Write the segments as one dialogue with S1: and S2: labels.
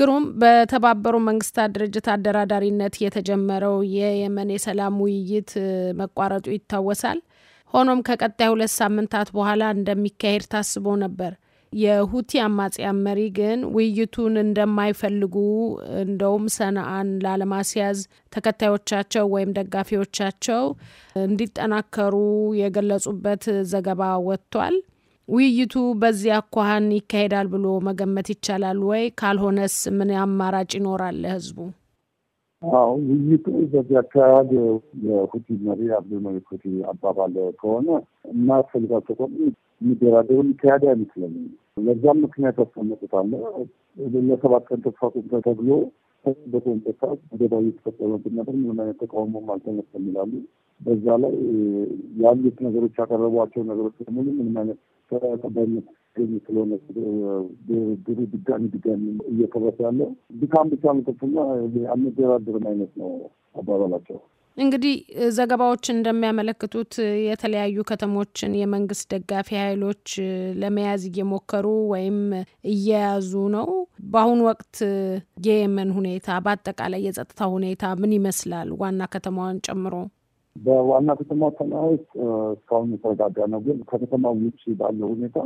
S1: ግሩም በተባበሩ መንግስታት ድርጅት አደራዳሪነት የተጀመረው የየመን የሰላም ውይይት መቋረጡ ይታወሳል። ሆኖም ከቀጣይ ሁለት ሳምንታት በኋላ እንደሚካሄድ ታስቦ ነበር። የሁቲ አማጽያን መሪ ግን ውይይቱን እንደማይፈልጉ እንደውም ሰነአን ላለማስያዝ ተከታዮቻቸው ወይም ደጋፊዎቻቸው እንዲጠናከሩ የገለጹበት ዘገባ ወጥቷል። ውይይቱ በዚህ አኳኋን ይካሄዳል ብሎ መገመት ይቻላል ወይ? ካልሆነስ ምን አማራጭ ይኖራል ለህዝቡ?
S2: አዎ ውይይቱ በዚህ አካባቢ የሁቲ መሪ አብዱልመሊክ ሁቲ አባባል ከሆነ እና ስልባሰቆም የሚደራደሩ የሚካሄድ አይመስለኝም። ለዛም ምክንያት ያስቀመጡታለ ለሰባት ቀን ተስፋ ተብሎ ሰዓት ገባ እየተፈጸመብን ነበር፣ ምንም አይነት ተቃውሞ አልተነሳም ይላሉ። በዛ ላይ ያሉት ነገሮች ያቀረቧቸው ነገሮች በሙሉ ምንም አይነት ተቀባይነት ገኝ ስለሆነ ድሩ ድጋሚ ድጋሚ እየከበሰ ያለው ድካም ብቻ ምክፍና አንደራደርም አይነት ነው አባባላቸው።
S1: እንግዲህ ዘገባዎች እንደሚያመለክቱት የተለያዩ ከተሞችን የመንግስት ደጋፊ ኃይሎች ለመያዝ እየሞከሩ ወይም እየያዙ ነው። በአሁኑ ወቅት የየመን ሁኔታ በአጠቃላይ የጸጥታ ሁኔታ ምን ይመስላል ዋና ከተማዋን ጨምሮ?
S2: በዋና ከተማ ተለዋወጭ እስካሁን የተረጋጋ ነው። ግን ከከተማው ውጭ ባለው ሁኔታ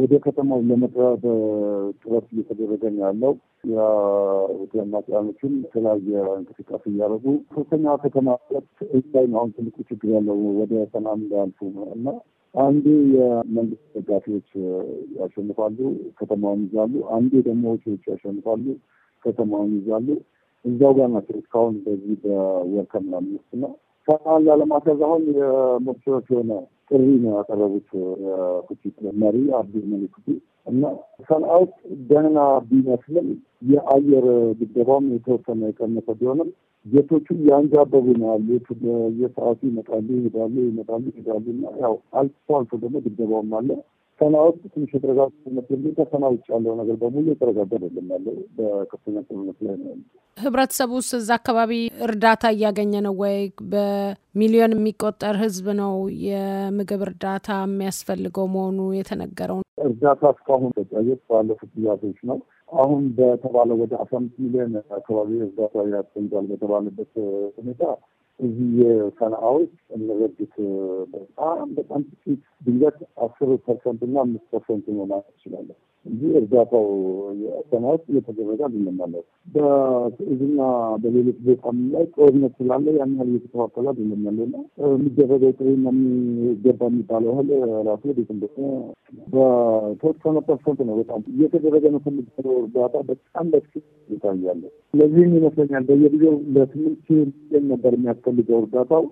S2: ወደ ከተማው ለመቅረብ ጥረት እየተደረገ ነው ያለው። የሆቴልና ቅያኖችም የተለያየ እንቅስቃሴ እያደረጉ ሶስተኛ ከተማ ለት ላይ አሁን ትልቁ ችግር ያለው ወደ ሰላም ሊያልፉ እና አንዱ የመንግስት ደጋፊዎች ያሸንፋሉ፣ ከተማውን ይዛሉ። አንዱ ደግሞ ሆቴሎች ያሸንፋሉ፣ ከተማውን ይዛሉ። እዛው ጋር ናቸው እስካሁን በዚህ በወርከምና ምንስት ነው ጫናውን ላለማድረግ አሁን የሞክሰሮች የሆነ ጥሪ ነው ያቀረቡት የሁቲት መሪ አብዲ መሊክ እና ሰንአውት ደህና ቢመስልም የአየር ድብደባም የተወሰነ የቀነሰ ቢሆንም ጌቶቹ ያንጃበቡ ነው ያሉት። በየሰዓቱ ይመጣሉ ይሄዳሉ፣ ይመጣሉ ይሄዳሉ። እና ያው አልፎ አልፎ ደግሞ ድብደባውም አለ። ፈተናዎች ትንሽ የተረጋጉ ይመስል ከፈተና ውጭ ያለው ነገር በሙሉ የተረጋጋ አይደለም ያለው
S1: በከፍተኛ ጦርነት ላይ ነው። ህብረተሰቡ ውስጥ እዛ አካባቢ እርዳታ እያገኘ ነው ወይ? በሚሊዮን የሚቆጠር ህዝብ ነው የምግብ እርዳታ የሚያስፈልገው መሆኑ የተነገረው።
S2: እርዳታ እስካሁን ተጫየት ባለፉት ጊዜያቶች ነው አሁን በተባለ ወደ አስራ አምስት ሚሊዮን አካባቢ እርዳታ ያስፈልጋል በተባለበት ሁኔታ እዚህ የሰንዓ ውስጥ እንረድት በጣም በጣም ጥቂት ድንገት አስር ፐርሰንት እና አምስት ፐርሰንት ነው ማለት ይችላለን እንጂ እርዳታው ሰንዓ ውስጥ እየተደረገ አይደለም ማለት በእዚህና በሌሎች ቦታም ላይ ጦርነት ስላለ ያን ያህል እየተከፋፈለ አይደለም ያለ እና የሚደረገው ጥሪና የሚገባ የሚባለው ያህል ራሱ ቤት እንደሆነ በተወሰነ ፐርሰንት ነው በጣም እየተደረገ ነው ከሚደረገው እርዳታ በጣም በጥቂት ይታያለ ስለዚህም ይመስለኛል በየጊዜው ለስምንት ነበር የሚያከ የሚያስፈልገው እርዳታው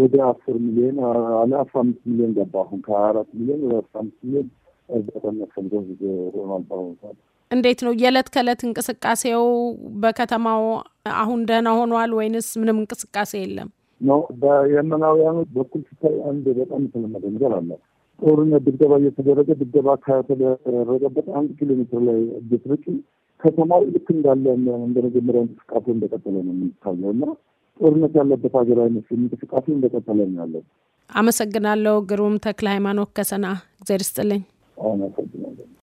S2: ወደ አስር ሚሊዮን አለ አስራ አምስት ሚሊዮን ገባ። አሁን ከሀያ አራት ሚሊዮን ወደ አስራ አምስት ሚሊዮን እርዳታ የሚያስፈልገው ሆኗል በአሁኑ ሰዓት።
S1: እንዴት ነው የዕለት ከዕለት እንቅስቃሴው በከተማው አሁን ደህና ሆኗል ወይንስ ምንም እንቅስቃሴ የለም?
S2: ነው በየመናውያኑ በኩል ሲታይ አንድ በጣም የተለመደ ነገር አለ። ጦርነት ድብደባ እየተደረገ ድብደባ ከተደረገበት አንድ ኪሎ ሜትር ላይ እየትርቂ ከተማው ልክ እንዳለ እንደመጀመሪያ እንቅስቃሴ እንደቀጠለ ነው የሚታየው እና ጦርነት ያለበት ሀገር አይነት እንቅስቃሴ እንደቀጠለ ያለው።
S1: አመሰግናለሁ። ግሩም ተክለ ሃይማኖት ከሰና እግዜር ይስጥልኝ።
S2: አመሰግናለሁ።